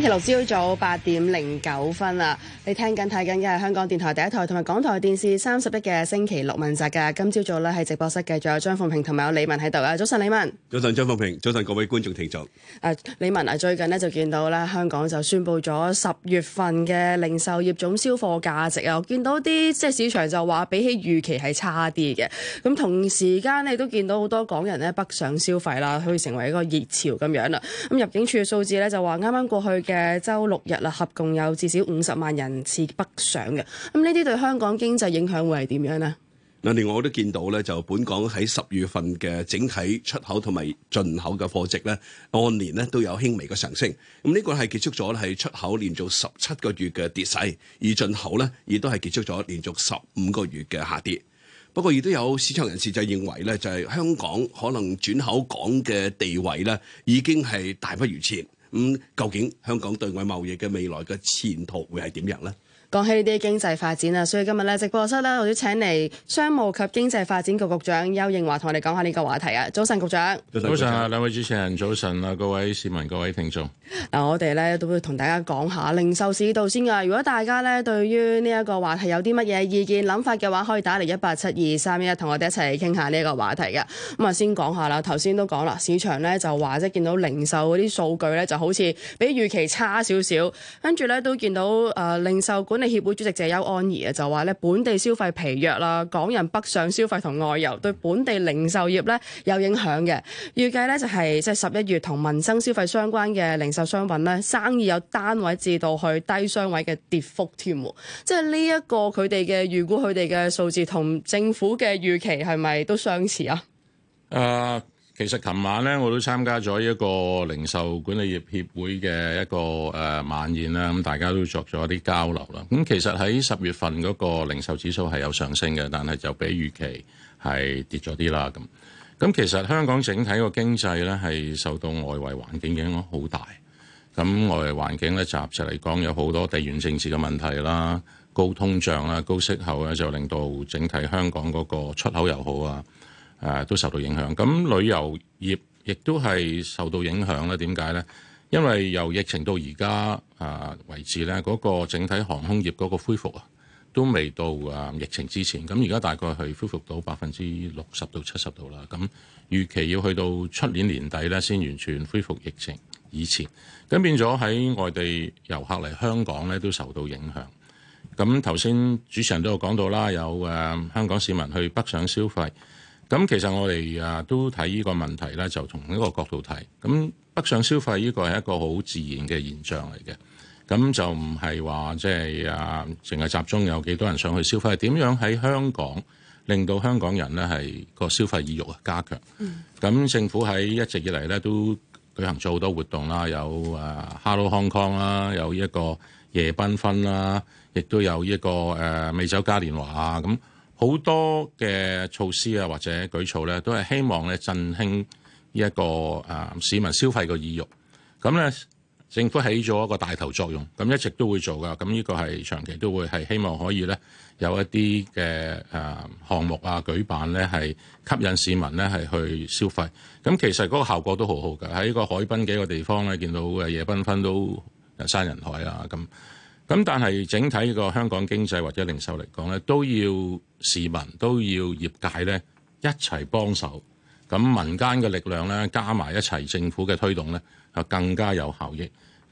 星期六朝早八點零九分啦，你聽緊睇緊嘅係香港電台第一台同埋港台電視三十一嘅星期六問責㗎。今朝早咧係直播室嘅，仲有張鳳平同埋有李文喺度啦。早晨，李文。早晨，張鳳平。早晨，各位觀眾聽眾。誒，李文啊，最近呢就見到咧，香港就宣佈咗十月份嘅零售業總銷貨價值啊，我見到啲即係市場就話比起預期係差啲嘅。咁同時間咧亦都見到好多港人呢北上消費啦，可以成為一個熱潮咁樣啦。咁入境處嘅數字咧就話啱啱過去嘅周六日啦，合共有至少五十萬人次北上嘅。咁呢啲對香港經濟影響會係點樣呢？嗱，另外，我都見到咧，就本港喺十月份嘅整體出口同埋進口嘅貨值咧，按年咧都有輕微嘅上升。咁呢個係結束咗係出口連續十七個月嘅跌勢，而進口咧亦都係結束咗連續十五個月嘅下跌。不過，亦都有市場人士就認為咧，就係香港可能轉口港嘅地位咧，已經係大不如前。噉究竟香港對外貿易嘅未來嘅前途會係點樣咧？講起呢啲經濟發展啊，所以今日咧直播室，咧，我就請嚟商務及經濟發展局局長丘應樺同我哋講下呢個話題啊。早晨，局長。早晨啊，兩位主持人，早晨啊，各位市民，各位聽眾。嗱，我哋咧都會同大家講下零售市道先噶。如果大家咧對於呢一個話題有啲乜嘢意見、諗法嘅話，可以打嚟一八七二三一，同我哋一齊傾下呢個話題噶。咁啊，先講下啦。頭先都講啦，市場咧就話即係見到零售嗰啲數據咧就好似比預期差少少，跟住咧都見到誒零售股。管理協會主席謝邱安儀啊，就話咧本地消費疲弱啦，港人北上消費同外遊對本地零售業咧有影響嘅。預計咧就係即係十一月同民生消費相關嘅零售商品咧生意有單位至到去低雙位嘅跌幅添。即係呢一個佢哋嘅預估，佢哋嘅數字同政府嘅預期係咪都相似啊？誒、uh。其實琴晚咧，我都參加咗一個零售管理業協會嘅一個誒晚宴啦，咁大家都作咗一啲交流啦。咁其實喺十月份嗰個零售指數係有上升嘅，但係就比預期係跌咗啲啦。咁咁其實香港整體個經濟咧係受到外圍環境影響好大。咁外圍環境咧，集其嚟講有好多地緣政治嘅問題啦，高通脹啦，高息口啊，就令到整體香港嗰個出口又好啊。誒都受到影響，咁旅遊業亦都係受到影響啦。點解呢？因為由疫情到而家啊為止呢嗰、嗰個整體航空業嗰個恢復啊，都未到啊疫情之前。咁而家大概係恢復到百分之六十到七十度啦。咁預期要去到出年年底呢，先完全恢復疫情以前。咁變咗喺外地遊客嚟香港呢，都受到影響。咁頭先主持人都有講到啦，有誒、啊、香港市民去北上消費。咁其實我哋啊都睇呢個問題咧，就從呢個角度睇。咁北上消費呢個係一個好自然嘅現象嚟嘅，咁就唔係話即係啊，淨係集中有幾多人上去消費，係點樣喺香港令到香港人咧係個消費意欲啊加強。咁、嗯、政府喺一直以嚟咧都舉行咗好多活動啦，有啊 Hello Hong Kong 啦，有一個夜繽紛啦，亦都有一個誒、啊、美酒嘉年華啊咁。好多嘅措施啊，或者舉措咧，都係希望咧振興呢一個誒市民消費個意欲。咁咧，政府起咗一個帶頭作用，咁一直都會做噶。咁呢個係長期都會，係希望可以咧有一啲嘅誒項目啊舉辦咧係吸引市民咧係去消費。咁其實嗰個效果，都好好嘅，喺個海濱幾個地方咧見到誒夜繽紛都人山人海啊咁。咁但係整體個香港經濟或者零售嚟講咧，都要市民都要業界咧一齊幫手。咁民間嘅力量咧加埋一齊政府嘅推動咧就更加有效益。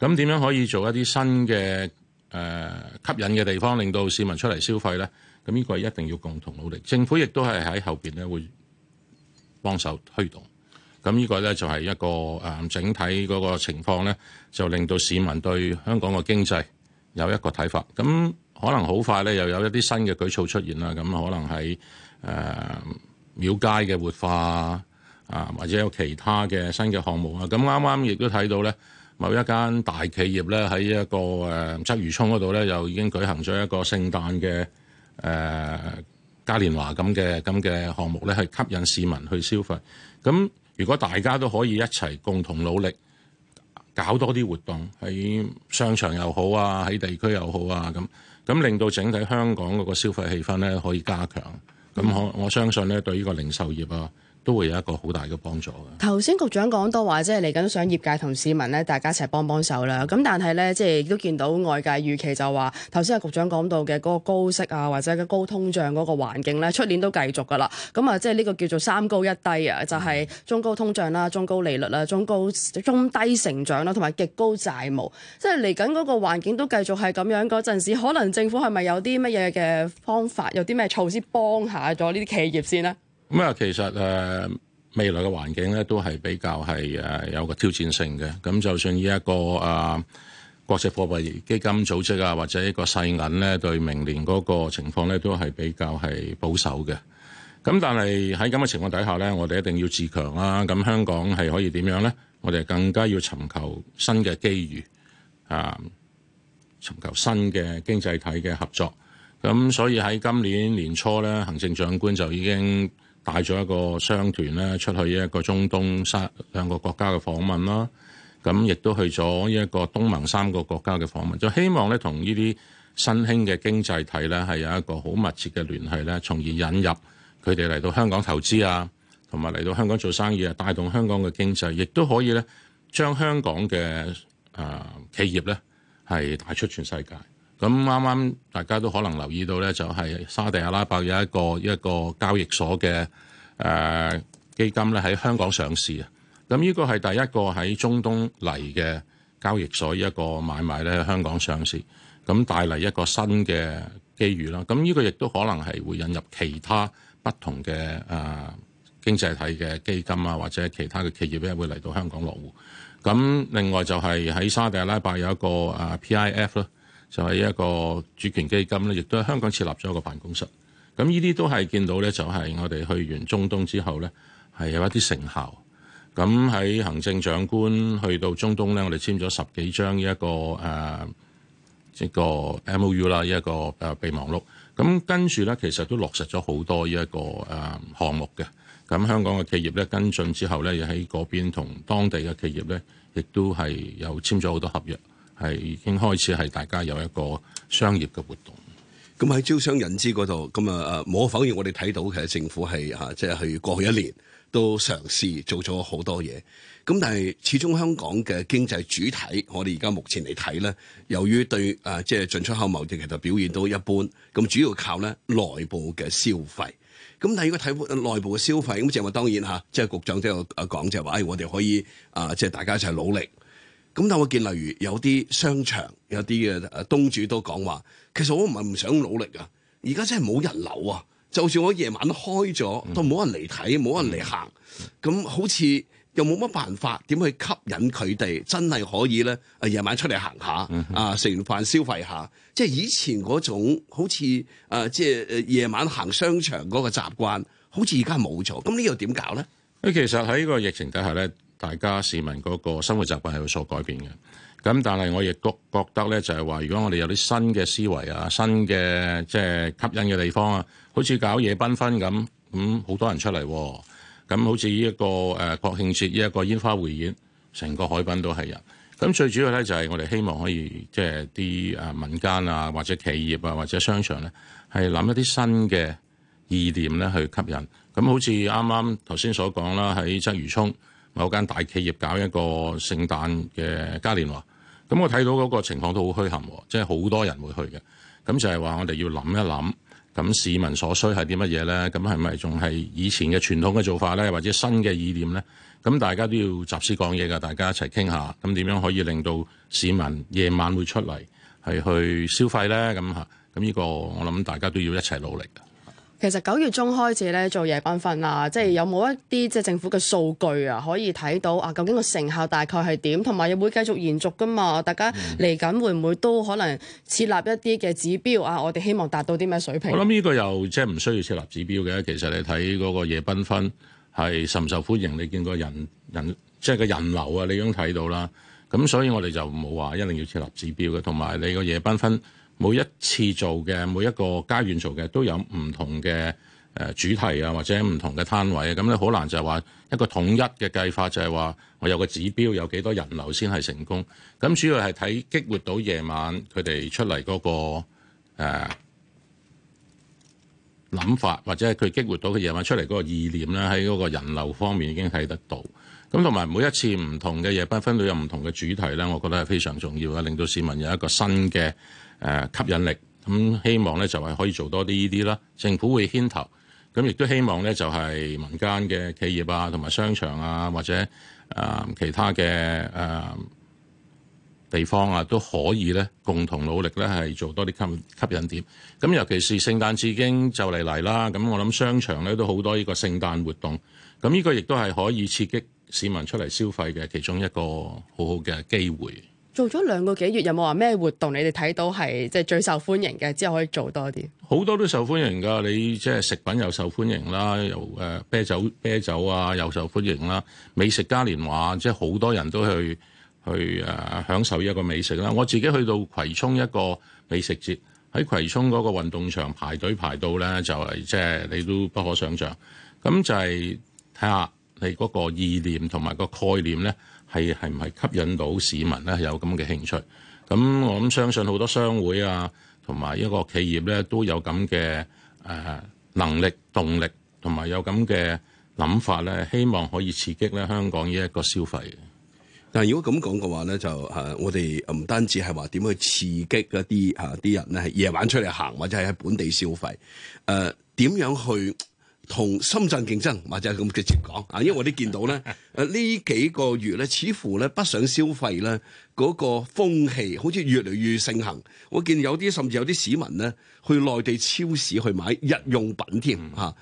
咁點樣可以做一啲新嘅誒、呃、吸引嘅地方，令到市民出嚟消費咧？咁、這、呢個係一定要共同努力。政府亦都係喺後邊咧會幫手推動，咁、這、呢個咧就係一個誒整體嗰個情況咧，就令到市民對香港嘅經濟。有一個睇法，咁可能好快咧，又有一啲新嘅舉措出現啦。咁可能喺誒、呃、廟街嘅活化啊，或者有其他嘅新嘅項目啊。咁啱啱亦都睇到咧，某一間大企業咧喺一個誒鰂魚涌嗰度咧，呃、又已經舉行咗一個聖誕嘅誒嘉年華咁嘅咁嘅項目咧，係吸引市民去消費。咁如果大家都可以一齊共同努力，搞多啲活動，喺商場又好啊，喺地區又好啊，咁咁令到整體香港個消費氣氛咧可以加強，咁我我相信咧對呢個零售業啊，都會有一個好大嘅幫助嘅。頭先局長講到話，即係嚟緊想業界同市民咧，大家一齊幫幫手啦。咁但係咧，即係都見到外界預期就話，頭先阿局長講到嘅嗰個高息啊，或者嘅高通脹嗰個環境咧，出年都繼續㗎啦。咁啊，即係呢個叫做三高一低啊，就係中高通脹啦、中高利率啦、中高中低成長啦，同埋極高債務。即係嚟緊嗰個環境都繼續係咁樣嗰陣時，可能政府係咪有啲乜嘢嘅方法，有啲咩措施幫下咗呢啲企業先呢？咁啊，其實誒未來嘅環境咧，都係比較係誒有個挑戰性嘅。咁就算呢一個啊國際貨幣基金組織啊，或者一個世銀咧，對明年嗰個情況咧，都係比較係保守嘅。咁但係喺咁嘅情況底下咧，我哋一定要自強啦。咁香港係可以點樣咧？我哋更加要尋求新嘅機遇啊！尋求新嘅經濟體嘅合作。咁所以喺今年年初咧，行政長官就已經帶咗一個商團咧出去一個中東三兩個國家嘅訪問啦，咁亦都去咗一個東盟三個國家嘅訪問，就希望咧同呢啲新興嘅經濟體咧係有一個好密切嘅聯繫咧，從而引入佢哋嚟到香港投資啊，同埋嚟到香港做生意啊，帶動香港嘅經濟，亦都可以咧將香港嘅誒企業咧係帶出全世界。咁啱啱大家都可能留意到呢就係沙地阿拉伯有一個一個交易所嘅誒基金咧，喺香港上市啊！咁呢個係第一個喺中東嚟嘅交易所一個買賣咧，喺香港上市，咁帶嚟一個新嘅機遇啦。咁呢個亦都可能係會引入其他不同嘅誒經濟體嘅基金啊，或者其他嘅企業咧，會嚟到香港落戶。咁另外就係喺沙地阿拉伯有一個誒 P I F 啦。就係一個主權基金咧，亦都喺香港設立咗一個辦公室。咁呢啲都係見到咧，就係我哋去完中東之後咧，係有一啲成效。咁喺行政長官去到中東咧，我哋簽咗十幾張依一個誒，依、啊即個 MOU 啦，依一個誒備忘錄。咁跟住咧，其實都落實咗好多依一個誒項、啊、目嘅。咁香港嘅企業咧跟進之後咧，又喺嗰邊同當地嘅企業咧，亦都係有簽咗好多合約。係已經開始係大家有一個商業嘅活動。咁喺招商引資嗰度，咁啊啊，無可否認，我哋睇到其實政府係即係去過去一年都嘗試做咗好多嘢。咁但係始終香港嘅經濟主體，我哋而家目前嚟睇咧，由於對即係進出口貿易其實表現都一般，咁主要靠咧內部嘅消費。咁但係如果睇內部嘅消費，咁就話當然即係、啊就是、局長即係講就話、是哎，我哋可以啊，即、就、係、是、大家一齊努力。咁但係我見例如有啲商場，有啲嘅東主都講話，其實我唔係唔想努力啊，而家真係冇人流啊。就算我夜晚開咗，都冇人嚟睇，冇、嗯、人嚟行，咁好似又冇乜辦法點去吸引佢哋，真係可以咧？夜晚出嚟行下，啊，食完飯消費一下，即係以前嗰種好似啊、呃，即係夜晚行商場嗰個習慣，好似而家冇咗。咁呢個點搞咧？誒，其實喺呢個疫情底下咧。大家市民嗰個生活習慣係有所改變嘅，咁但係我亦覺覺得咧，就係話，如果我哋有啲新嘅思維啊、新嘅即係吸引嘅地方啊，好似搞夜繽紛咁，咁好多人出嚟，咁好似呢一個誒、呃、國慶節呢一個煙花匯演，成個海濱都係人。咁最主要咧就係我哋希望可以即係啲誒民間啊，或者企業啊，或者商場咧，係諗一啲新嘅意念咧去吸引。咁好似啱啱頭先所講啦，喺鰂魚涌，某間大企業搞一個聖誕嘅嘉年華，咁我睇到嗰個情況都好墟冚，即係好多人會去嘅。咁就係話我哋要諗一諗，咁市民所需係啲乜嘢呢？咁係咪仲係以前嘅傳統嘅做法呢？或者新嘅意念呢？咁大家都要集思廣益㗎，大家一齊傾下，咁點樣可以令到市民夜晚會出嚟係去消費呢？咁嚇，咁呢個我諗大家都要一齊努力。其實九月中開始咧做夜繽紛啊，即係有冇一啲即係政府嘅數據啊，可以睇到啊，究竟個成效大概係點？同埋會唔會繼續延續噶嘛？大家嚟緊會唔會都可能設立一啲嘅指標啊？我哋希望達到啲咩水平？嗯、我諗呢個又即係唔需要設立指標嘅。其實你睇嗰個夜繽紛係受唔受歡迎，你見過人人即係個人流啊，你已經睇到啦。咁所以我哋就冇話一定要設立指標嘅。同埋你個夜繽紛。每一次做嘅每一個家園做嘅都有唔同嘅主題啊，或者唔同嘅攤位啊，咁咧好難就係話一個統一嘅計法，就係話我有個指標有幾多人流先係成功。咁主要係睇激活到夜晚佢哋出嚟嗰個誒諗法，或者係佢激活到嘅夜晚出嚟嗰個意念咧，喺嗰個人流方面已經睇得到。咁同埋每一次唔同嘅夜繽紛分類有唔同嘅主題咧，我覺得係非常重要嘅，令到市民有一個新嘅。誒吸引力咁希望咧就係可以做多啲呢啲啦，政府會牽頭，咁亦都希望咧就係民間嘅企業啊，同埋商場啊，或者啊其他嘅誒地方啊，都可以咧共同努力咧，係做多啲吸吸引點。咁尤其是聖誕節已經就嚟嚟啦，咁我諗商場咧都好多呢個聖誕活動，咁、這、呢個亦都係可以刺激市民出嚟消費嘅其中一個很好好嘅機會。做咗兩個幾月，有冇話咩活動？你哋睇到係即係最受歡迎嘅，之後可以做多啲。好多都受歡迎㗎，你即係食品又受歡迎啦，又誒、呃、啤酒啤酒啊又受歡迎啦，美食嘉年華即係好多人都去去誒、呃、享受一個美食啦。我自己去到葵涌一個美食節，喺葵涌嗰個運動場排隊排到咧，就係即係你都不可想像。咁就係睇下你嗰個意念同埋個概念咧。係，係唔係吸引到市民咧，有咁嘅興趣？咁我諗相信好多商會啊，同埋一個企業咧都有咁嘅誒能力、動力，同埋有咁嘅諗法咧，希望可以刺激咧香港呢一個消費。但係如果咁講嘅話咧，就誒、啊、我哋唔單止係話點去刺激一啲吓啲人咧，係夜晚出嚟行或者係喺本地消費，誒、啊、點樣去？同深圳競爭，或者係咁直接講啊！因為我哋見到咧，誒呢幾個月咧，似乎咧不想消費咧，嗰個風氣好似越嚟越盛行。我見有啲甚至有啲市民咧，去內地超市去買日用品添嚇、啊。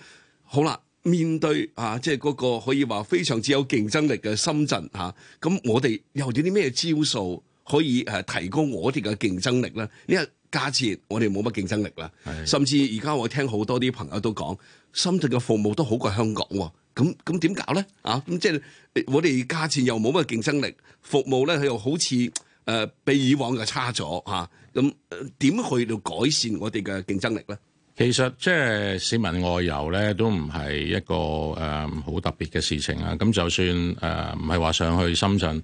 好啦，面對啊，即係嗰個可以話非常之有競爭力嘅深圳嚇，咁、啊、我哋又啲啲咩招數可以、啊、提高我哋嘅競爭力咧？價錢我哋冇乜競爭力啦，是的 甚至而家我聽好多啲朋友都講，深圳嘅服務都好過香港，咁咁點搞咧？啊，咁即係我哋價錢又冇乜競爭力，服務咧又好似誒、呃、比以往嘅差咗吓，咁、啊、點、呃、去到改善我哋嘅競爭力咧？其實即係、就是、市民外遊咧，都唔係一個誒好、呃、特別嘅事情啊。咁就算誒唔係話想去深圳，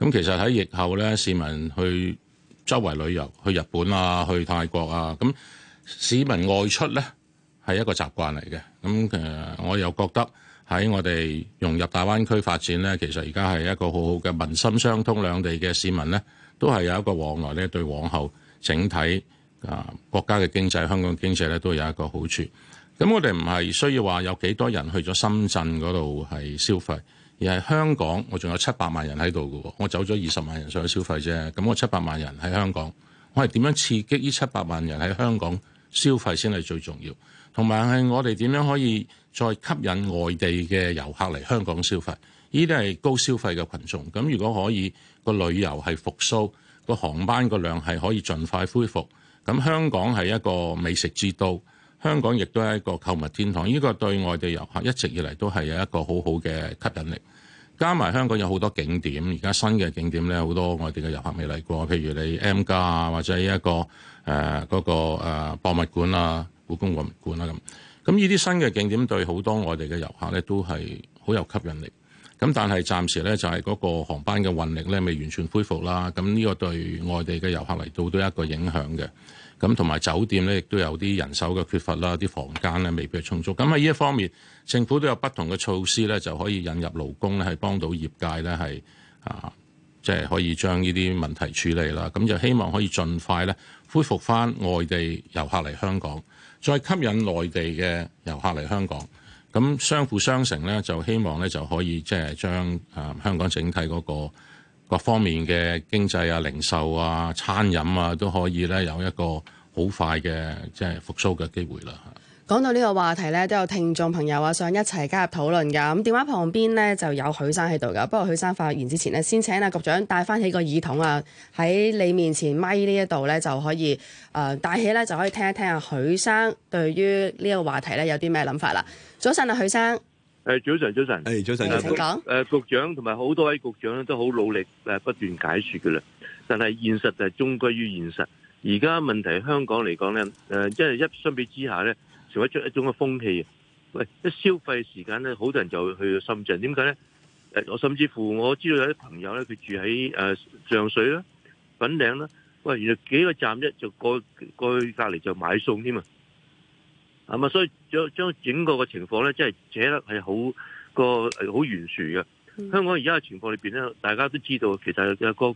咁其實喺疫後咧，市民去。周圍旅遊去日本啊，去泰國啊，咁市民外出呢係一個習慣嚟嘅。咁、呃、我又覺得喺我哋融入大灣區發展呢，其實而家係一個好好嘅民心相通，兩地嘅市民呢，都係有一個往來呢，對往後整體啊、呃、國家嘅經濟、香港經濟呢，都有一個好處。咁我哋唔係需要話有幾多人去咗深圳嗰度係消費。而係香港，我仲有七百萬人喺度嘅，我走咗二十萬人上去消費啫。咁我七百萬人喺香港，我係點樣刺激呢七百萬人喺香港消費先係最重要。同埋係我哋點樣可以再吸引外地嘅遊客嚟香港消費？呢啲係高消費嘅群眾。咁如果可以，個旅遊係復蘇，個航班個量係可以盡快恢復，咁香港係一個美食之都，香港亦都係一個購物天堂。呢個對外地遊客一直以嚟都係有一個好好嘅吸引力。加埋香港有好多景點，而家新嘅景點咧好多外地嘅遊客未嚟過，譬如你 M+ 啊，或者依一個誒、呃那個誒、呃、博物館啊、故宮博物館啊咁，咁呢啲新嘅景點對好多外地嘅遊客咧都係好有吸引力。咁但係暫時咧就係嗰個航班嘅運力咧未完全恢復啦，咁呢個對外地嘅遊客嚟到都一個影響嘅。咁同埋酒店咧亦都有啲人手嘅缺乏啦，啲房間咧未必充足。咁喺呢一方面，政府都有不同嘅措施咧，就可以引入勞工咧，係幫到業界咧係啊，即係可以將呢啲問題處理啦。咁就希望可以盡快咧恢復翻外地遊客嚟香港，再吸引內地嘅遊客嚟香港。咁相輔相成咧，就希望咧，就可以即係將誒香港整體嗰個各方面嘅經濟啊、零售啊、餐飲啊，都可以咧有一個好快嘅即係復甦嘅機會啦。講到呢個話題咧，都有聽眾朋友啊，想一齊加入討論㗎。咁電話旁邊咧就有許生喺度㗎，不過許生發言之前呢，先請阿局長戴翻起個耳筒啊，喺你面前咪呢一度咧就可以誒戴起咧，就可以聽一聽啊許生對於呢個話題咧有啲咩諗法啦。早晨啊，許生。誒、欸，早晨，早晨。誒、欸，早晨。請講、欸。誒說、呃，局長同埋好多位局長咧，都好努力誒，不斷解說嘅啦。但係現實就係終歸於現實。而家問題香港嚟講咧，誒、呃，即係一相比之下咧，成為出一種嘅風氣。喂、呃，一消費時間咧，好多人就會去到深圳。點解咧？誒、呃，我甚至乎我知道有啲朋友咧，佢住喺誒、呃、上水啦、粉嶺啦。喂、呃，原來幾個站一就過去過去隔籬就買餸添啊！啊，所以將整個嘅情況咧，即係寫得係好個好懸殊嘅。香港而家嘅情況裏邊咧，大家都知道其實個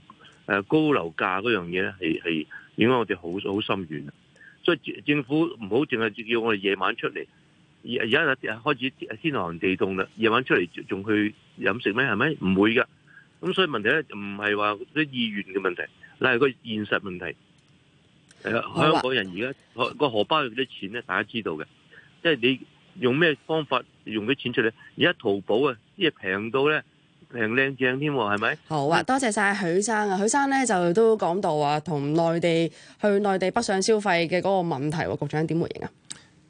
高樓價嗰樣嘢咧，係係影響我哋好好深遠啊。所以政府唔好淨係叫我哋夜晚出嚟。而而家開始天寒地凍啦，夜晚出嚟仲去飲食咩？係咪唔會噶？咁所以問題咧，唔係話啲意願嘅問題，嗱係個現實問題。香港人而家個荷包有幾多錢咧？大家知道嘅，即係你用咩方法用啲錢出嚟？而家淘寶啊，即係平到咧，平靚正添係咪？好啊，多謝晒許生啊！許生咧就都講到啊，同內地去內地北上消費嘅嗰個問題，局長點回應啊？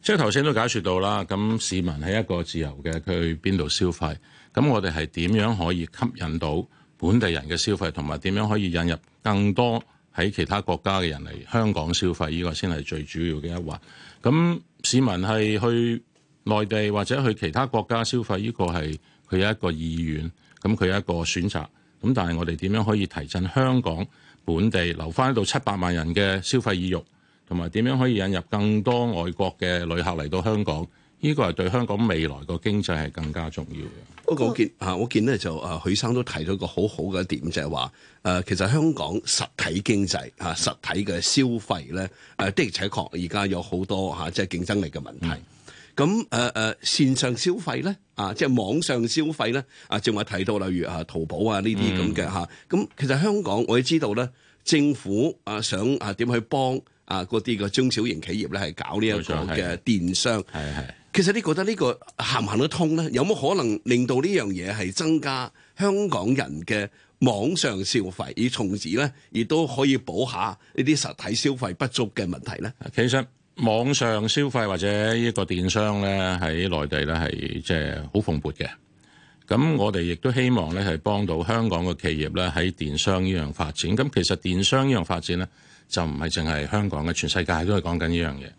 即係頭先都解說到啦，咁市民係一個自由嘅，佢邊度消費，咁我哋係點樣可以吸引到本地人嘅消費，同埋點樣可以引入更多？喺其他國家嘅人嚟香港消費呢個先係最主要嘅一環，咁市民係去內地或者去其他國家消費呢個係佢有一個意願，咁佢有一個選擇，咁但係我哋點樣可以提振香港本地留翻一度七百萬人嘅消費意欲，同埋點樣可以引入更多外國嘅旅客嚟到香港？呢個係對香港未來個經濟係更加重要嘅。不過、哦、我見嚇，我見咧就啊，許生都提到一個好好嘅點，就係話誒，其實香港實體經濟嚇、啊，實體嘅消費咧誒、啊，的而且確而家有好多嚇、啊，即係競爭力嘅問題。咁誒誒，線上消費咧啊，即係網上消費咧啊，正如我提到，例如啊，淘寶啊呢啲咁嘅嚇。咁、嗯啊、其實香港我亦知道咧，政府啊想啊點去幫啊嗰啲嘅中小型企業咧，係搞呢一個嘅電商係係。其實你覺得呢個行唔行得通呢？有冇可能令到呢樣嘢係增加香港人嘅網上消費以重置，而從而呢亦都可以補下呢啲實體消費不足嘅問題呢？其實網上消費或者呢個電商呢喺內地呢係即係好蓬勃嘅。咁我哋亦都希望呢係幫到香港嘅企業呢喺電商呢樣發展。咁其實電商呢樣發展呢，就唔係淨係香港嘅，全世界都係講緊呢樣嘢。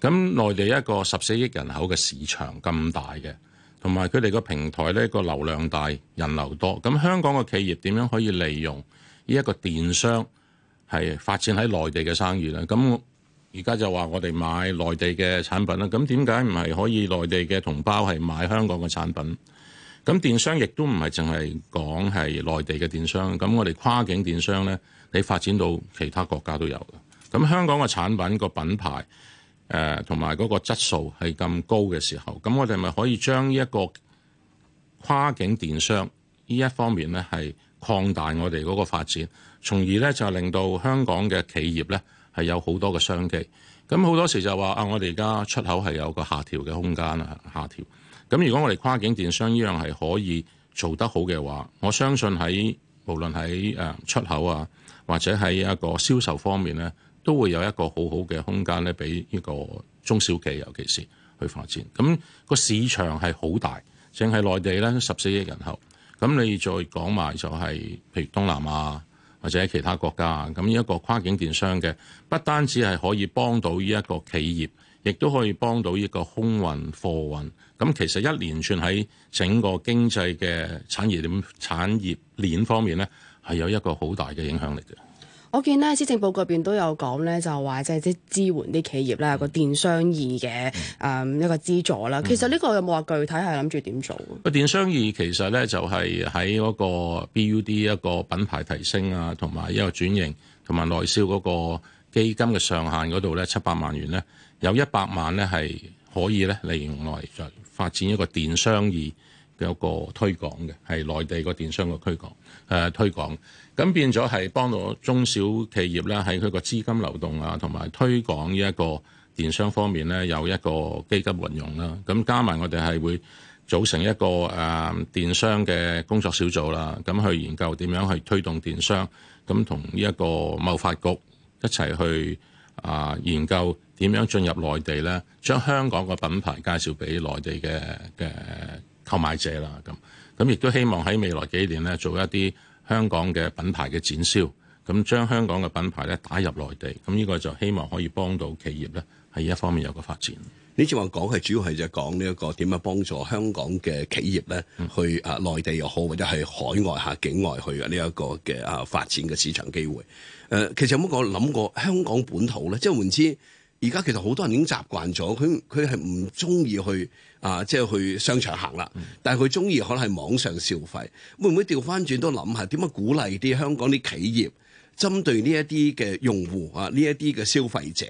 咁內地一個十四億人口嘅市場咁大嘅，同埋佢哋個平台呢個流量大、人流多。咁香港嘅企業點樣可以利用呢一個電商係發展喺內地嘅生意呢？咁而家就話我哋買內地嘅產品啦。咁點解唔係可以內地嘅同胞係買香港嘅產品？咁電商亦都唔係淨係講係內地嘅電商，咁我哋跨境電商呢，你發展到其他國家都有嘅。咁香港嘅產品個品牌。誒同埋嗰個質素係咁高嘅時候，咁我哋咪可以將呢一個跨境電商呢一方面呢係擴大我哋嗰個發展，從而呢就令到香港嘅企業呢係有好多嘅商機。咁好多時就話啊，我哋而家出口係有個下調嘅空間啊，下調。咁如果我哋跨境電商呢樣係可以做得好嘅話，我相信喺無論喺誒出口啊，或者喺一個銷售方面呢。都會有一個好好嘅空間咧，俾呢個中小企，尤其是去發展。咁個市場係好大，淨係內地呢十四億人口。咁你再講埋就係譬如東南亞或者其他國家，咁呢一個跨境電商嘅，不單止係可以幫到呢一個企業，亦都可以幫到呢個空運貨運。咁其實一連串喺整個經濟嘅產業鏈，產業鏈方面呢係有一個好大嘅影響力嘅。我見咧，施政報告入邊都有講呢就話即係即支援啲企業呢有個電商業嘅、嗯嗯、一個資助啦。其實呢個有冇話具體係諗住點做？個、嗯嗯、電商業其實呢，就係喺嗰個 BUD 一個品牌提升啊，同埋一個轉型，同埋內銷嗰個基金嘅上限嗰度呢七百萬元呢，有一百萬呢，係可以呢利用來就發展一個電商業。有個推廣嘅係內地個電商個推廣誒、呃、推廣，咁變咗係幫到中小企業啦，喺佢個資金流動啊，同埋推廣呢一個電商方面咧，有一個基金運用啦。咁加埋我哋係會組成一個誒、呃、電商嘅工作小組啦，咁去研究點樣去推動電商，咁同呢一個貿發局一齊去啊、呃、研究點樣進入內地咧，將香港嘅品牌介紹俾內地嘅嘅的購買者啦，咁咁亦都希望喺未來幾年咧做一啲香港嘅品牌嘅展銷，咁將香港嘅品牌咧打入內地，咁呢個就希望可以幫到企業咧喺一方面有個發展。呢次係話講係主要係就講呢一個點樣幫助香港嘅企業咧去啊內地又好，或者係海外吓境外去啊呢一個嘅啊發展嘅市場機會。誒、呃，其實有冇講諗過香港本土咧？即係換之。而家其實好多人已經習慣咗，佢佢係唔中意去啊，即係去商場行啦。但係佢中意可能係網上消費，會唔會調翻轉都諗下點樣鼓勵啲香港啲企業針對呢一啲嘅用戶啊，呢一啲嘅消費者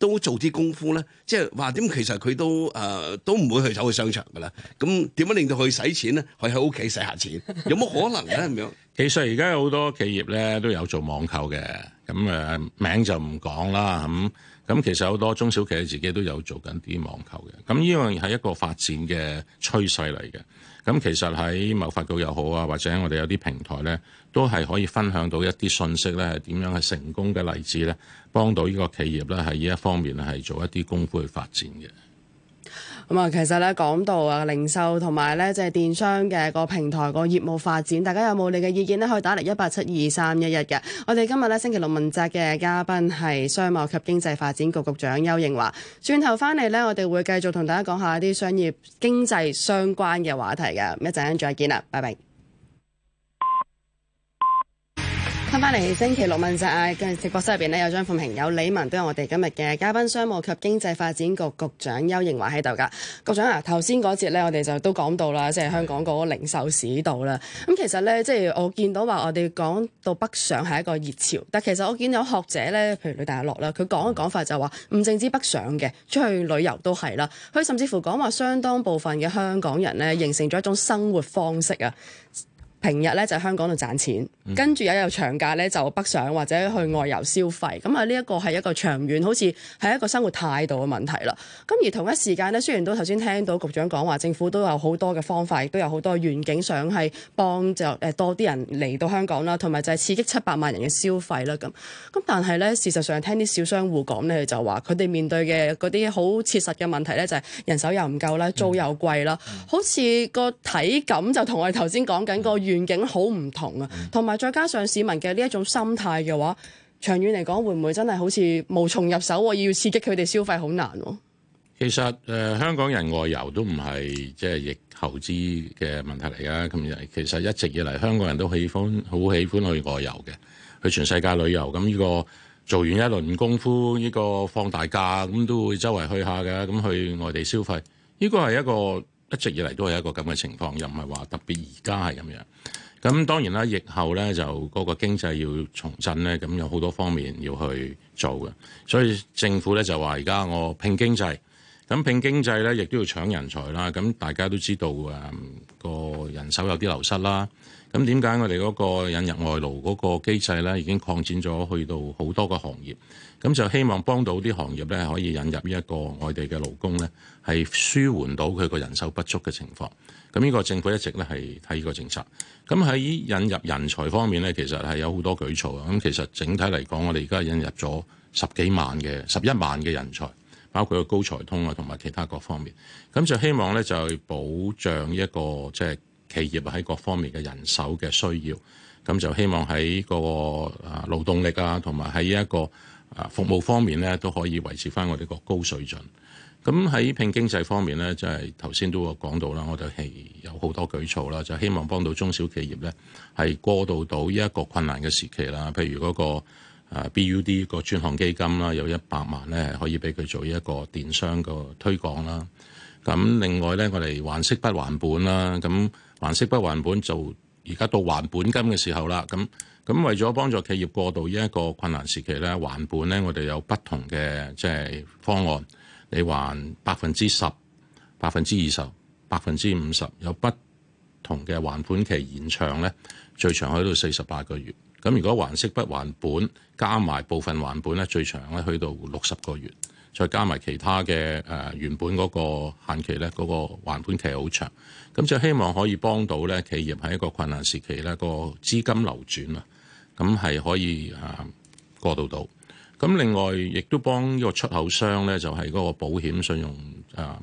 都做啲功夫咧？即係話點其實佢都誒都唔會去走去商場㗎啦。咁點樣令到佢使錢咧？佢喺屋企使下錢，有冇可能咧？咁樣？其實而家有好多企業咧都有做網購嘅，咁誒名就唔講啦，咁咁其實好多中小企業自己都有做緊啲網購嘅，咁呢樣係一個發展嘅趨勢嚟嘅。咁其實喺貿發局又好啊，或者我哋有啲平台咧，都係可以分享到一啲信息咧，點樣係成功嘅例子咧，幫到呢個企業咧喺呢一方面係做一啲功夫去發展嘅。咁啊，其實咧講到啊零售同埋咧就係電商嘅個平台個業務發展，大家有冇你嘅意見呢？可以打嚟一八七二三一一嘅。我哋今日咧星期六問責嘅嘉賓係商務及經濟發展局局長丘應樺。轉頭翻嚟咧，我哋會繼續同大家講下一啲商業經濟相關嘅話題嘅。一陣間再見啦，拜拜。翻返嚟星期六問責啊嘅直播室入邊咧，有張鳳萍、有李文，都有我哋今日嘅嘉賓，商務及經濟發展局局長丘應樺喺度噶。局長啊，頭先嗰節咧，我哋就都講到啦，就是嗯，即係香港嗰個零售市道啦。咁其實咧，即係我見到話，我哋講到北上係一個熱潮，但其實我見到有學者咧，譬如李大洛啦，佢講嘅講法就話唔淨止北上嘅，出去旅遊都係啦。佢甚至乎講話，相當部分嘅香港人咧，形成咗一種生活方式啊。平日咧就喺香港度賺錢，跟住有有日長假咧就北上或者去外遊消費，咁啊呢一個係一個長遠，好似係一個生活態度嘅問題啦。咁而同一時間咧，雖然都頭先聽到局長講話，政府都有好多嘅方法，亦都有好多願景，想係幫就誒多啲人嚟到香港啦，同埋就係刺激七百萬人嘅消費啦。咁咁但係咧，事實上聽啲小商戶講咧，就話佢哋面對嘅嗰啲好切實嘅問題咧，就係人手又唔夠啦，租又貴啦，嗯、好似個體感就同我哋頭先講緊個遠景好唔同啊，同埋再加上市民嘅呢一種心態嘅話，長遠嚟講會唔會真係好似無從入手，要刺激佢哋消費好難？其實誒、呃，香港人外遊都唔係即係逆投資嘅問題嚟啊。咁其實一直以嚟香港人都喜歡好喜歡去外遊嘅，去全世界旅遊。咁呢個做完一輪功夫，呢、呢個放大假咁都會周圍去下嘅，咁去外地消費，呢、呢個係一個。一直以嚟都係一個咁嘅情況，又唔係話特別而家係咁樣。咁當然啦，疫後呢就嗰個經濟要重振呢咁有好多方面要去做嘅。所以政府呢就話：而家我拼經濟，咁拼經濟呢亦都要搶人才啦。咁大家都知道啊，個、嗯、人手有啲流失啦。咁點解我哋嗰個引入外勞嗰個機制呢已經擴展咗去到好多個行業？咁就希望幫到啲行業咧，可以引入呢一個外地嘅勞工咧，係舒緩到佢個人手不足嘅情況。咁呢個政府一直咧係睇呢個政策。咁喺引入人才方面咧，其實係有好多舉措啊。咁其實整體嚟講，我哋而家引入咗十幾萬嘅十一萬嘅人才，包括個高才通啊，同埋其他各方面。咁就希望咧就保障一個即係、就是、企業喺各方面嘅人手嘅需要。咁就希望喺個啊勞動力啊，同埋喺一個。啊，服務方面咧都可以維持翻我哋個高水準。咁喺拼經濟方面咧，就係頭先都講到啦，我哋係有好多舉措啦，就希望幫到中小企業咧，係過渡到呢一個困難嘅時期啦。譬如嗰個啊 BUD 個專項基金啦，有一百萬咧，係可以俾佢做一個電商個推廣啦。咁另外咧，我哋還息不還本啦。咁還息不還本就而家到還本金嘅時候啦。咁咁為咗幫助企業過渡呢、這個那個、一個困難時期咧，還本咧，我哋有不同嘅即係方案。你還百分之十、百分之二十、百分之五十，有不同嘅還本期延長咧，最長可以到四十八個月。咁如果還息不還本，加埋部分還本咧，最長咧去到六十個月，再加埋其他嘅誒原本嗰個限期咧，嗰個還本期好長。咁就希望可以幫到咧企業喺一個困難時期咧個資金流轉啊！咁係可以過渡到，咁另外亦都幫呢個出口商咧，就係嗰個保險信用誒、嗯、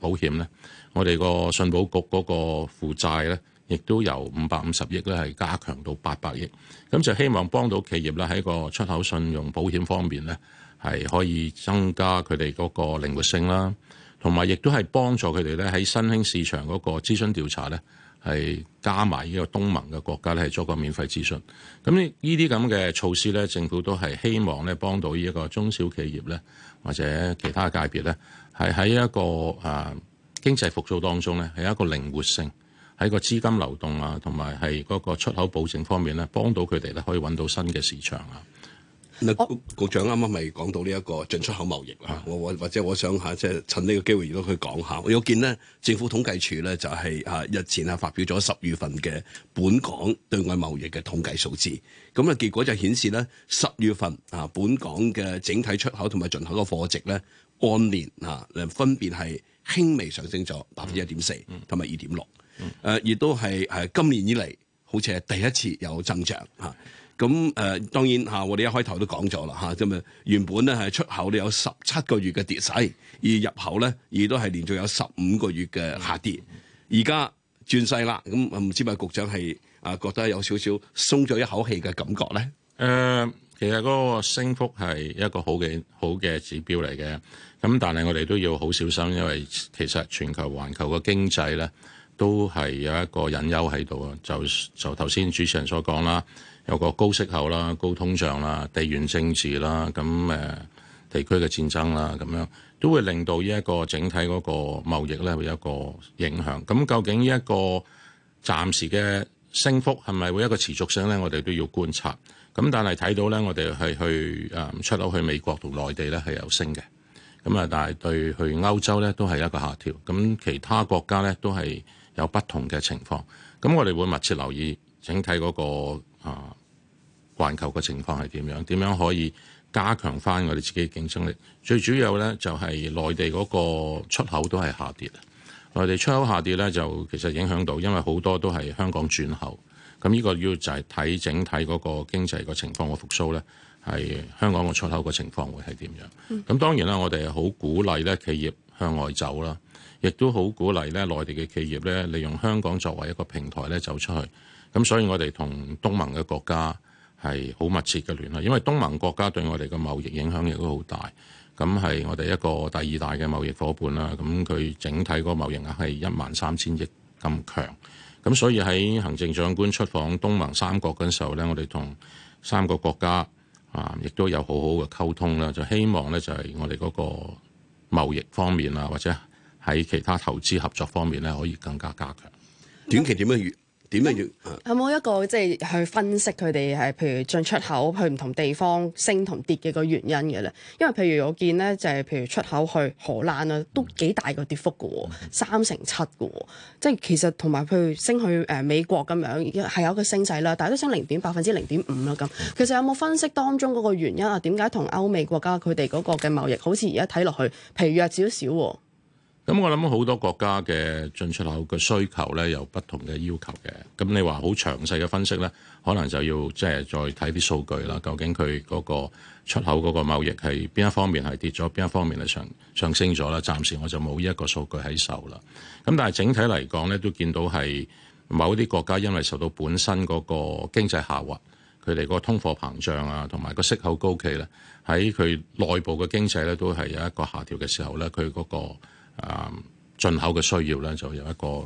保險咧，我哋個信保局嗰個負債咧，亦都由五百五十億咧，係加強到八百億，咁就希望幫到企業呢喺個出口信用保險方面咧，係可以增加佢哋嗰個靈活性啦，同埋亦都係幫助佢哋咧喺新興市場嗰個諮詢調查咧。係加埋呢個東盟嘅國家咧，係做個免費諮詢。咁呢呢啲咁嘅措施咧，政府都係希望咧，幫到呢一個中小企業咧，或者其他嘅界別咧，係喺一個啊經濟復甦當中咧，係一個靈活性，喺個資金流動啊，同埋係嗰個出口保證方面咧，幫到佢哋咧，可以揾到新嘅市場啊。啊、局長啱啱咪講到呢一個進出口貿易嚇，我或或者我想下，即係趁呢個機會如果佢講下，我有見咧，政府統計處咧就係啊日前啊發表咗十月份嘅本港對外貿易嘅統計數字，咁啊結果就顯示咧，十月份啊本港嘅整體出口同埋進口嘅貨值咧按年啊，分別係輕微上升咗百分之一點四同埋二點六，誒，亦都係係今年以嚟好似係第一次有增長嚇。咁誒、呃，當然嚇、啊，我哋一開頭都講咗啦嚇，咁啊原本咧係出口咧有十七個月嘅跌勢，而入口咧亦都係連續有十五個月嘅下跌，而家轉勢啦。咁、啊、唔知丘局長係啊覺得有少少鬆咗一口氣嘅感覺咧？誒、呃，其實嗰個升幅係一個好嘅好嘅指標嚟嘅。咁但係我哋都要好小心，因為其實全球環球嘅經濟咧都係有一個隱憂喺度啊。就就頭先主持人所講啦。有個高息口啦、高通脹啦、地緣政治啦、咁誒地區嘅戰爭啦，咁樣都會令到呢一個整體嗰個貿易咧會有一個影響。咁究竟呢一個暫時嘅升幅係咪會一個持續性咧？我哋都要觀察。咁但係睇到咧，我哋係去誒出口去美國同內地咧係有升嘅。咁啊，但係對去歐洲咧都係一個下調。咁其他國家咧都係有不同嘅情況。咁我哋會密切留意整體嗰個啊。環球嘅情況係點樣？點樣可以加強翻我哋自己嘅競爭力？最主要呢，就係內地嗰個出口都係下跌。內地出口下跌呢，就其實影響到，因為好多都係香港轉口。咁、這、呢個要就係睇整體嗰個經濟個情況嘅復甦呢，係香港嘅出口嘅情況會係點樣？咁、嗯、當然啦，我哋好鼓勵呢企業向外走啦，亦都好鼓勵呢內地嘅企業呢，利用香港作為一個平台呢走出去。咁所以我哋同東盟嘅國家係好密切嘅聯絡，因為東盟國家對我哋嘅貿易影響亦都好大，咁係我哋一個第二大嘅貿易伙伴啦。咁佢整體個貿易額係一萬三千億咁強，咁所以喺行政長官出訪東盟三國嗰陣時候呢，我哋同三個國家啊，亦都有好好嘅溝通啦，就希望呢，就係我哋嗰個貿易方面啦，或者喺其他投資合作方面呢，可以更加加強。短期點樣預？點啊，要有冇一個即係去分析佢哋係譬如進出口去唔同地方升同跌嘅個原因嘅咧，因為譬如我見咧就係、是、譬如出口去荷蘭啦，都幾大個跌幅嘅喎，三成七嘅喎，即係其實同埋佢升去誒、呃、美國咁樣，而家係有一個升勢啦，但係都升零點百分之零點五啦咁。其實有冇分析當中嗰個原因啊？點解同歐美國家佢哋嗰個嘅貿易好似而家睇落去疲弱少少喎？咁我諗好多國家嘅進出口嘅需求咧，有不同嘅要求嘅。咁你話好詳細嘅分析咧，可能就要即係再睇啲數據啦。究竟佢嗰個出口嗰個貿易係邊一方面係跌咗，邊一方面係上上升咗啦？暫時我就冇呢一個數據喺手啦。咁但係整體嚟講咧，都見到係某啲國家因為受到本身嗰個經濟下滑，佢哋個通貨膨脹啊，同埋個息口高企咧，喺佢內部嘅經濟咧都係有一個下調嘅時候咧，佢嗰個。啊！進口嘅需要咧，就有一個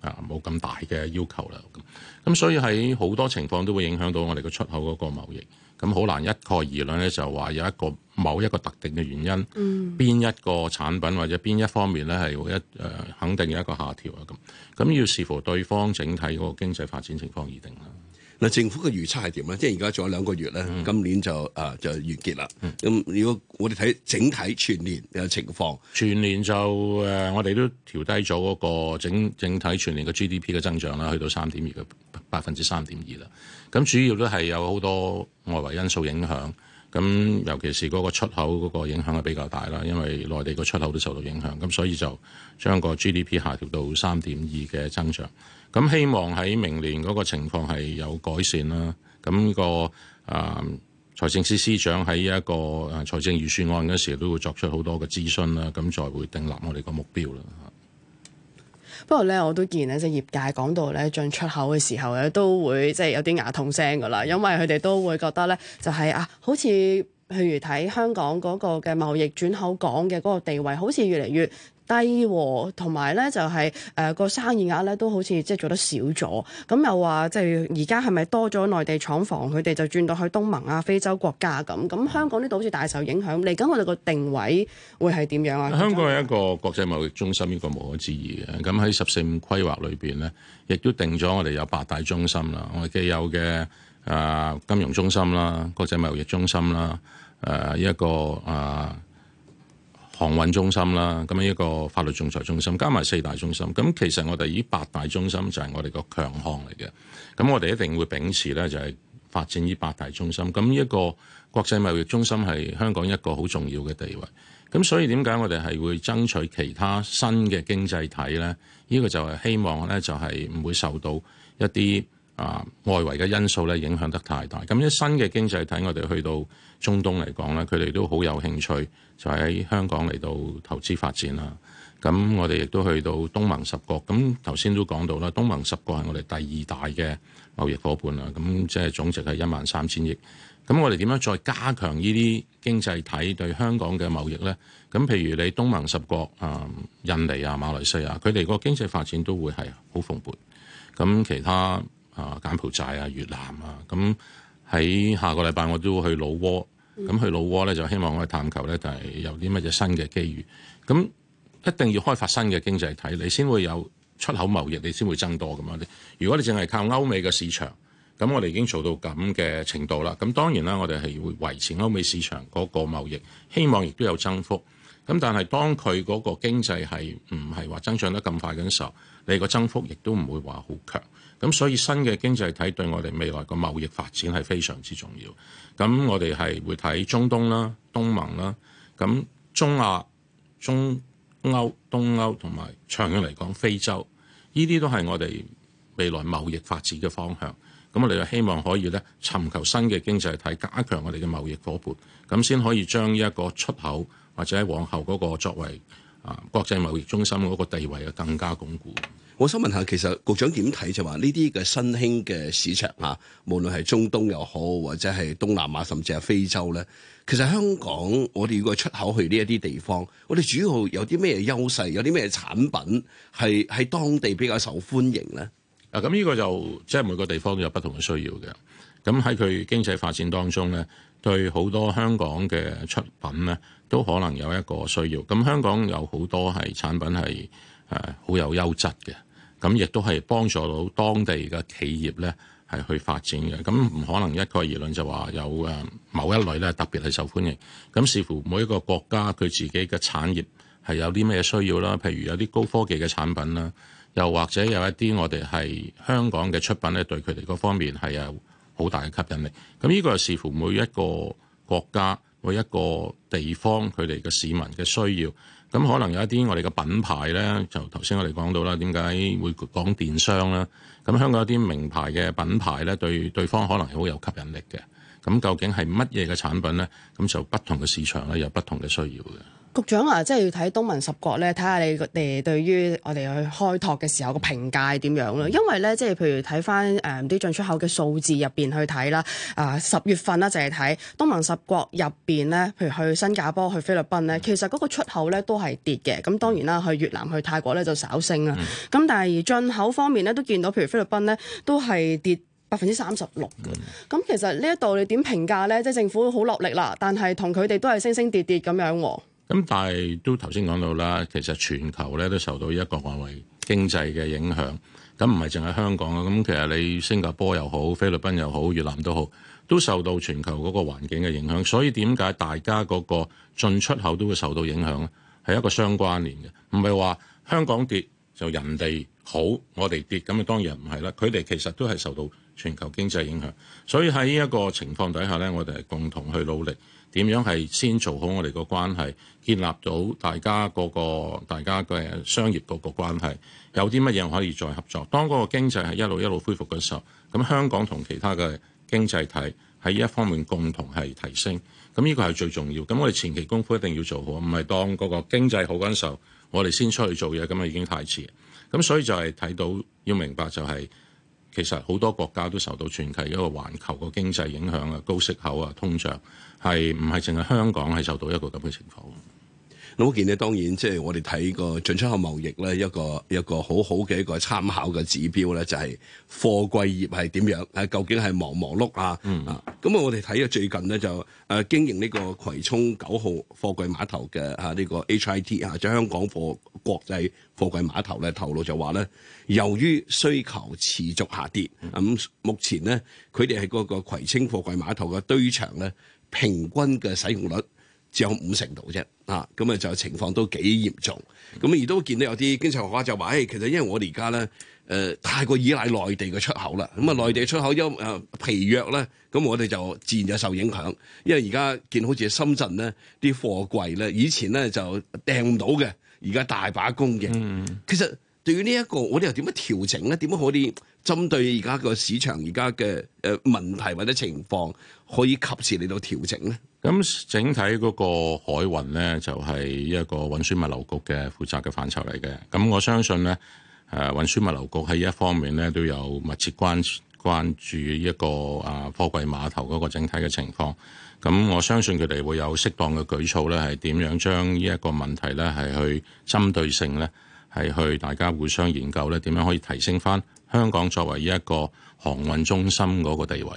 啊冇咁大嘅要求啦。咁咁所以喺好多情況都會影響到我哋嘅出口嗰個貿易。咁好難一概而論咧，就話有一個某一個特定嘅原因，邊、嗯、一個產品或者邊一方面咧係會一誒肯定有一個下調啊。咁咁要視乎對方整體嗰個經濟發展情況而定啦。嗱，政府嘅預測係點咧？即係而家仲有兩個月咧，嗯、今年就啊就完結啦。咁、嗯、如果我哋睇整體全年嘅情況，全年就誒，我哋都調低咗嗰個整整體全年嘅 GDP 嘅增長啦，去到三點二嘅百分之三點二啦。咁主要都係有好多外圍因素影響，咁尤其是嗰個出口嗰個影響係比較大啦，因為內地個出口都受到影響，咁所以就將個 GDP 下調到三點二嘅增長。咁希望喺明年嗰個情況係有改善啦。咁個啊財政司司長喺一個啊財政預算案嘅時候，都會作出好多嘅諮詢啦。咁再會訂立我哋個目標啦。不過咧，我都見咧，即業界講到咧進出口嘅時候咧，都會即係有啲牙痛聲噶啦。因為佢哋都會覺得咧，就係啊，好似譬如睇香港嗰個嘅貿易轉口港嘅嗰個地位，好似越嚟越低同埋咧就係誒個生意額咧都好似即係做得少咗，咁又話即係而家係咪多咗內地廠房，佢哋就轉到去東盟啊、非洲國家咁。咁香港呢度好似大受影響，嚟緊我哋個定位會係點樣啊？香港係一個國際貿易中心，呢個無可置疑嘅。咁喺十四五規劃裏邊咧，亦都定咗我哋有八大中心啦。我哋既有嘅誒、呃、金融中心啦、國際貿易中心啦、誒、呃、一個誒。呃航運中心啦，咁樣一個法律仲裁中心，加埋四大中心，咁其實我哋呢八大中心就係我哋個強項嚟嘅。咁我哋一定會秉持咧，就係發展呢八大中心。咁一個國際貿易中心係香港一個好重要嘅地位。咁所以點解我哋係會爭取其他新嘅經濟體咧？呢呢個就係希望咧，就係唔會受到一啲啊、呃、外圍嘅因素咧影響得太大。咁一新嘅經濟體，我哋去到中東嚟講咧，佢哋都好有興趣。就喺香港嚟到投資發展啦，咁我哋亦都去到東盟十國，咁頭先都講到啦，東盟十國係我哋第二大嘅貿易伙伴啦，咁即係總值係一萬三千億。咁我哋點樣再加強呢啲經濟體對香港嘅貿易呢？咁譬如你東盟十國啊、嗯，印尼啊、馬來西亞，佢哋個經濟發展都會係好蓬勃。咁其他啊，柬埔寨啊、越南啊，咁喺下個禮拜我都會去老撾。咁去老撾咧就希望我哋探求咧，就係有啲乜嘢新嘅機遇。咁一定要開發新嘅經濟體，你先會有出口貿易，你先會增多咁樣。如果你淨係靠歐美嘅市場，咁我哋已經做到咁嘅程度啦。咁當然啦，我哋係會維持歐美市場嗰個貿易，希望亦都有增幅。咁但係當佢嗰個經濟係唔係話增長得咁快嘅時候，你個增幅亦都唔會話好強。咁所以新嘅經濟體對我哋未來嘅貿易發展係非常之重要的。咁我哋係會睇中東啦、東盟啦、咁中亞中歐東歐同埋長遠嚟講非洲，呢啲都係我哋未來貿易發展嘅方向。咁我哋就希望可以咧尋求新嘅經濟體加強我哋嘅貿易夥伴，咁先可以將一個出口或者往後嗰個，作為啊國際貿易中心嗰個地位啊更加鞏固。我想問下，其實局長點睇就話呢啲嘅新興嘅市場啊，無論係中東又好，或者係東南亞，甚至係非洲咧。其實香港，我哋如果出口去呢一啲地方，我哋主要有啲咩優勢，有啲咩產品係喺當地比較受歡迎咧？啊，咁呢個就即係、就係、每個地方都有不同嘅需要嘅。咁喺佢經濟發展當中咧，對好多香港嘅出品咧，都可能有一個需要。咁香港有好多係產品係誒好有優質嘅。咁亦都係幫助到當地嘅企業呢係去發展嘅。咁唔可能一概而論就話有誒某一類呢特別係受歡迎。咁視乎每一個國家佢自己嘅產業係有啲咩需要啦。譬如有啲高科技嘅產品啦，又或者有一啲我哋係香港嘅出品呢對佢哋嗰方面係有好大嘅吸引力。咁呢個係視乎每一個國家、每一個地方佢哋嘅市民嘅需要。咁可能有一啲我哋嘅品牌呢，就頭先我哋講到啦，點解會講電商啦？咁香港有啲名牌嘅品牌呢，對對方可能好有吸引力嘅。咁究竟係乜嘢嘅產品呢？咁就不同嘅市場呢，有不同嘅需要嘅。局長啊，即係要睇東盟十國咧，睇下你哋對於我哋去開拓嘅時候個評價點樣咯。因為咧，即係譬如睇翻誒啲進出口嘅數字入邊去睇啦。啊、呃，十月份啦，淨係睇東盟十國入邊咧，譬如去新加坡、去菲律賓咧，其實嗰個出口咧都係跌嘅。咁當然啦，去越南、去泰國咧就稍升啦。咁、嗯、但係而進口方面咧都見到，譬如菲律賓咧都係跌百分之三十六嘅。咁、嗯、其實呢一度你點評價咧？即係政府好落力啦，但係同佢哋都係升升跌跌咁樣喎。咁但係都頭先講到啦，其實全球咧都受到一個外圍經濟嘅影響，咁唔係淨係香港啊，咁其實你新加坡又好、菲律賓又好、越南都好，都受到全球嗰個環境嘅影響，所以點解大家嗰個進出口都會受到影響，係一個相關聯嘅，唔係話香港跌就人哋好，我哋跌咁啊，當然唔係啦。佢哋其實都係受到全球經濟影響，所以喺呢一個情況底下咧，我哋係共同去努力。點樣係先做好我哋個關係，建立到大家個個大家嘅商業個個關係，有啲乜嘢可以再合作？當嗰個經濟係一路一路恢復嘅時候，咁香港同其他嘅經濟體喺呢一方面共同係提升，咁呢個係最重要。咁我哋前期功夫一定要做好，唔係當嗰個經濟好緊時候，我哋先出去做嘢，咁啊已經太遲了。咁所以就係睇到要明白、就係，就係其實好多國家都受到全球一個環球個經濟影響啊，高息口啊，通脹。係唔係淨係香港係受到一個咁嘅情況？我見當然即係我哋睇個進出口貿易咧，一個一個好好嘅一個參考嘅指標咧，就係、是、貨櫃業係點樣啊？究竟係忙忙碌啊？啊、嗯！咁啊，我哋睇啊最近咧就誒經營呢個葵涌九號貨櫃碼頭嘅呢個 HIT 啊，即香港貨國際貨櫃碼頭咧，透露就話咧，由於需求持續下跌，咁目前咧佢哋喺個個葵青貨櫃碼頭嘅堆場咧，平均嘅使用率，只有五成度啫，啊，咁啊就情況都幾嚴重，咁而都見到有啲經濟學家就話：，誒、欸，其實因為我哋而家咧，誒、呃、太過依賴內地嘅出口啦，咁啊內地出口因誒、呃、疲弱咧，咁我哋就自然就受影響。因為而家見好似深圳咧，啲貨櫃咧，以前咧就訂唔到嘅，而家大把供嘅。其實對於呢、這、一個，我哋又點樣調整咧？點樣可以針對而家個市場而家嘅誒問題或者情況，可以及時嚟到調整咧？咁整體嗰個海運咧，就係呢一個運輸物流局嘅負責嘅範疇嚟嘅。咁我相信咧，誒運輸物流局喺呢一方面咧都有密切關關注一個啊貨櫃碼頭嗰個整體嘅情況，咁我相信佢哋會有適當嘅舉措咧，係點樣將呢一個問題咧係去針對性咧係去大家互相研究咧，點樣可以提升翻香港作為呢一個航運中心嗰個地位。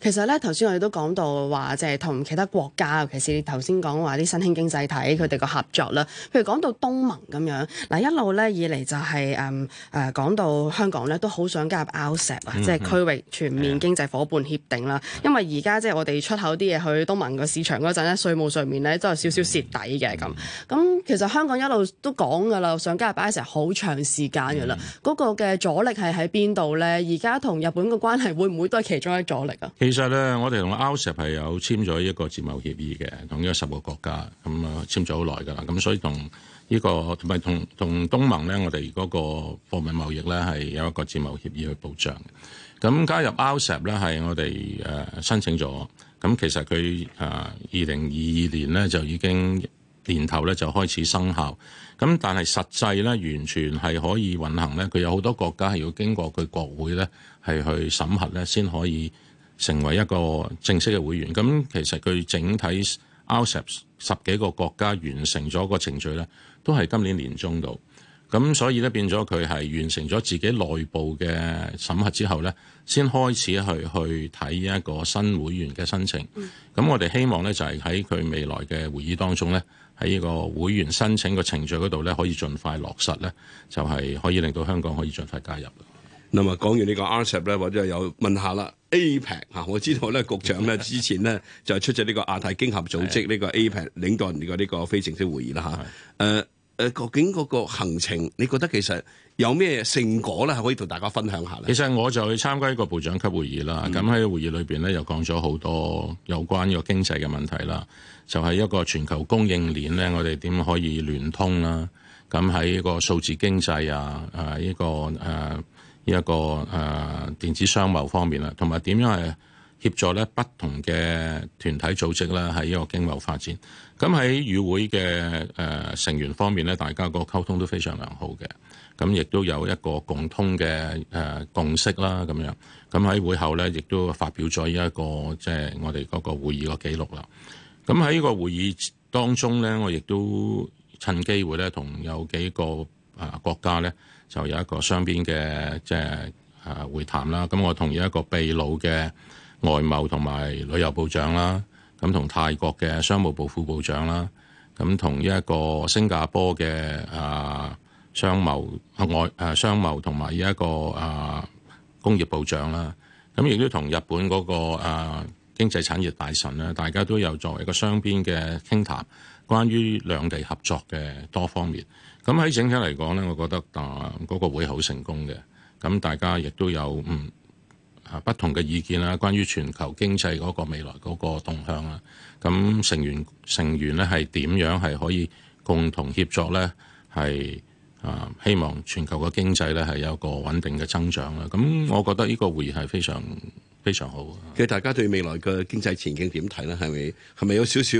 其實咧，頭先我哋都講到話，即係同其他國家，尤其是你頭先講話啲新興經濟體佢哋個合作啦。譬如講到東盟咁樣，嗱，一路咧以嚟就係誒誒講到香港咧，都好想加入歐 e 啊，即係區域全面經濟伙伴協定啦。嗯嗯、因為而家即係我哋出口啲嘢去東盟個市場嗰陣咧，稅務上面咧都有少少蝕底嘅咁。咁、嗯、其實香港一路都講㗎啦，想加入擺成好長時間㗎啦。嗰、嗯、個嘅阻力係喺邊度咧？而家同日本個關係會唔會都係其中一阻力啊？其實咧，我哋同 a e 錫係有簽咗一個自貿協議嘅，同呢十個國家咁啊簽咗好耐噶啦。咁所以同呢、呢個同埋同同東盟咧，我哋嗰個貨物貿易咧係有一個自貿協議去保障。咁加入 a e 錫咧，係我哋申請咗。咁其實佢二零二二年咧就已經年頭咧就開始生效。咁但係實際咧，完全係可以運行咧。佢有好多國家係要經過佢國會咧係去審核咧，先可以。成為一個正式嘅會員，咁其實佢整體 RCEP 十幾個國家完成咗個程序呢，都係今年年中度。咁所以呢，變咗佢係完成咗自己內部嘅審核之後呢，先開始去去睇一個新會員嘅申請。咁、嗯、我哋希望呢，就係喺佢未來嘅會議當中呢，喺呢個會員申請個程序嗰度呢，可以盡快落實呢就係、是、可以令到香港可以盡快加入。咁啊，講完呢個 RCEP 咧，我有問下啦 AP。APEC 我知道咧，局長咧之前咧就出咗呢個亞太經合組織呢 個 APEC 領導人嘅呢個非正式會議啦的、啊、究竟嗰個行程，你覺得其實有咩成果咧，可以同大家分享下咧？其實我就去參加呢個部長級會議啦，咁喺會議裏面咧又講咗好多有關呢個經濟嘅問題啦，就係、是、一個全球供應鏈咧，我哋點可以聯通啦？咁喺呢個數字經濟啊，誒呢個、啊呢一個誒電子商貿方面啦，同埋點樣係協助咧不同嘅團體組織啦，喺呢個經貿發展。咁喺與會嘅誒成員方面咧，大家個溝通都非常良好嘅。咁亦都有一個共通嘅誒共識啦，咁樣。咁喺會後咧，亦都發表咗呢一個即係、就是、我哋嗰個會議嘅記錄啦。咁喺呢個會議當中咧，我亦都趁機會咧，同有幾個誒國家咧，就有一個雙邊嘅即係啊會談啦，咁我同依一個秘魯嘅外貿同埋旅遊部長啦，咁同泰國嘅商務部副部長啦，咁同一個新加坡嘅啊商貿外啊，啊商貿同埋一個啊工業部長啦，咁亦都同日本嗰個啊經濟產業大臣咧，大家都有作為一個雙邊嘅傾談，關於兩地合作嘅多方面。咁喺整體嚟講呢，我覺得大嗰、呃嗰個會好成功嘅。咁大家亦都有嗯啊不同嘅意見啦、啊，關於全球經濟嗰個未來嗰個動向啦、啊。咁成員成員咧係點樣係可以共同協作呢？係啊、呃，希望全球嘅經濟呢係有一個穩定嘅增長啦、啊。咁我覺得呢個會議係非常非常好的。其實大家對未來嘅經濟前景點睇呢？係咪係咪有少少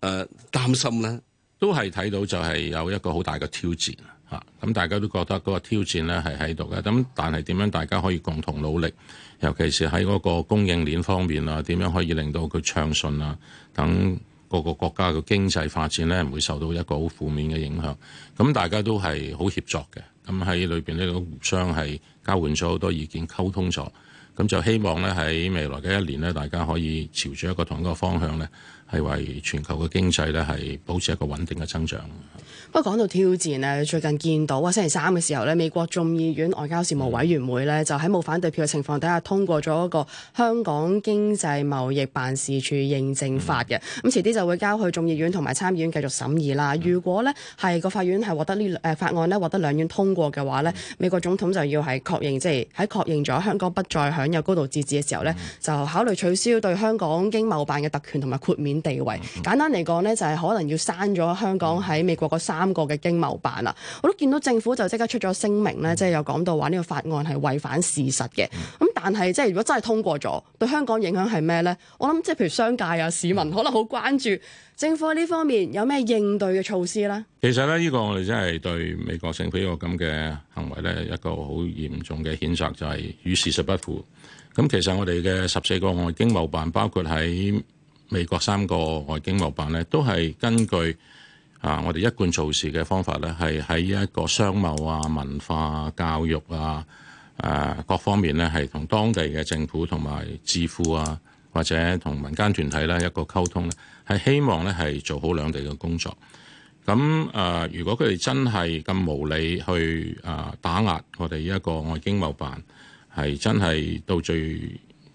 誒擔心呢？都係睇到就係有一個好大嘅挑戰嚇，咁大家都覺得嗰個挑戰呢係喺度嘅。咁但係點樣大家可以共同努力，尤其是喺嗰個供應鏈方面啊，點樣可以令到佢暢順啊，等各個國家嘅經濟發展呢，唔會受到一個好負面嘅影響。咁大家都係好協作嘅，咁喺裏邊呢都互相係交換咗好多意見，溝通咗，咁就希望呢，喺未來嘅一年呢，大家可以朝住一個同一個方向呢。係為全球嘅經濟咧，係保持一個穩定嘅增長的。不過講到挑戰呢，最近見到啊，星期三嘅時候呢，美國眾議院外交事務委員會呢就喺冇反對票嘅情況底下通過咗一個香港經濟貿易辦事處認證法嘅，咁遲啲就會交去眾議院同埋參議院繼續審議啦。如果呢係個法院係獲得呢，誒法案呢獲得兩院通過嘅話呢，美國總統就要係確認，即係喺確認咗香港不再享有高度自治嘅時候呢就考慮取消對香港經貿辦嘅特權同埋豁免地位。簡單嚟講呢就係可能要刪咗香港喺美國個三。三個嘅經貿辦啊，我都見到政府就即刻出咗聲明咧，即係有講到話呢個法案係違反事實嘅。咁但係即係如果真係通過咗，對香港影響係咩咧？我諗即係譬如商界啊、市民可能好關注政府喺呢方面有咩應對嘅措施咧，就是。其實咧，呢個我哋真係對美國政府呢個咁嘅行為咧，一個好嚴重嘅譴責就係與事實不符。咁其實我哋嘅十四個外經貿辦，包括喺美國三個外經貿辦咧，都係根據。啊！我哋一貫做事嘅方法咧，係喺一個商貿啊、文化、啊、教育啊、誒、啊、各方面咧，係同當地嘅政府同埋智庫啊，或者同民間團體咧一個溝通咧，係希望咧係做好兩地嘅工作。咁誒、啊，如果佢哋真係咁無理去誒打壓我哋一個外經貿辦，係真係到最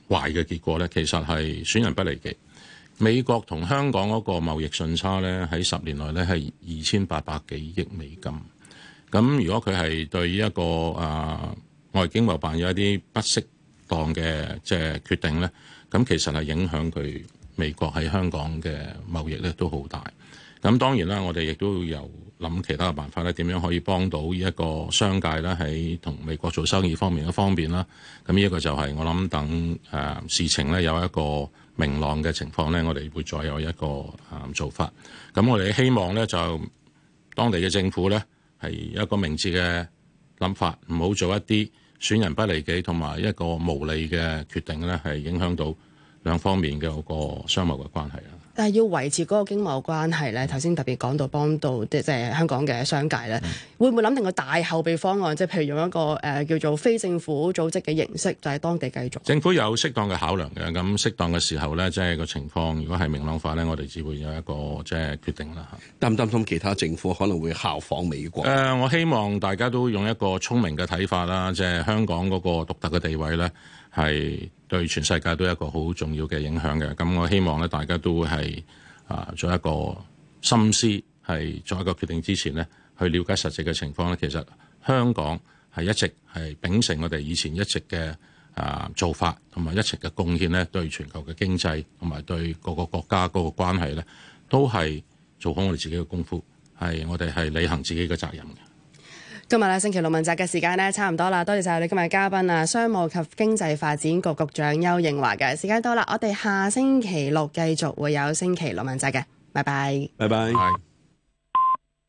壞嘅結果咧，其實，係損人不利己。美國同香港嗰個貿易順差咧，喺十年內咧係二千八百幾億美金。咁如果佢係對於一個啊、呃、外經貿辦有一啲不適當嘅即係決定咧，咁其實係影響佢美國喺香港嘅貿易咧都好大。咁當然啦，我哋亦都會有諗其他嘅辦法咧，點樣可以幫到呢一個商界咧喺同美國做生意方面嘅方便啦。咁呢一個就係、是、我諗等誒、呃、事情咧有一個。明朗嘅情況呢，我哋會再有一個做法。咁我哋希望呢，就當地嘅政府呢，係一個明智嘅諗法，唔好做一啲損人不利己同埋一個無利嘅決定呢，係影響到兩方面嘅個商貿嘅關係啊。但係要維持嗰個經貿關係咧，頭先特別講到幫到即係、就是、香港嘅商界咧，嗯、會唔會諗定個大後備方案，即、就、係、是、譬如用一個誒、呃、叫做非政府組織嘅形式，就喺、是、當地繼續？政府有適當嘅考量嘅，咁適當嘅時候咧，即係個情況如果係明朗化咧，我哋只會有一個即係決定啦嚇。擔唔擔心其他政府可能會效仿美國？誒、呃，我希望大家都用一個聰明嘅睇法啦，即係香港嗰個獨特嘅地位咧係。對全世界都有一個好重要嘅影響嘅，咁我希望咧大家都會係啊，做一個心思，係做一個決定之前呢，去了解實際嘅情況咧。其實香港係一直係秉承我哋以前一直嘅啊做法，同埋一直嘅貢獻呢，對全球嘅經濟同埋對各個國家嗰個關係呢，都係做好我哋自己嘅功夫，係我哋係履行自己嘅責任嘅。今日咧星期六問責嘅時間咧差唔多啦，多謝晒你今日嘅嘉賓啊，商務及經濟發展局局長丘應樺嘅時間到啦，我哋下星期六繼續會有星期六問責嘅，拜拜 Bye bye.，拜拜。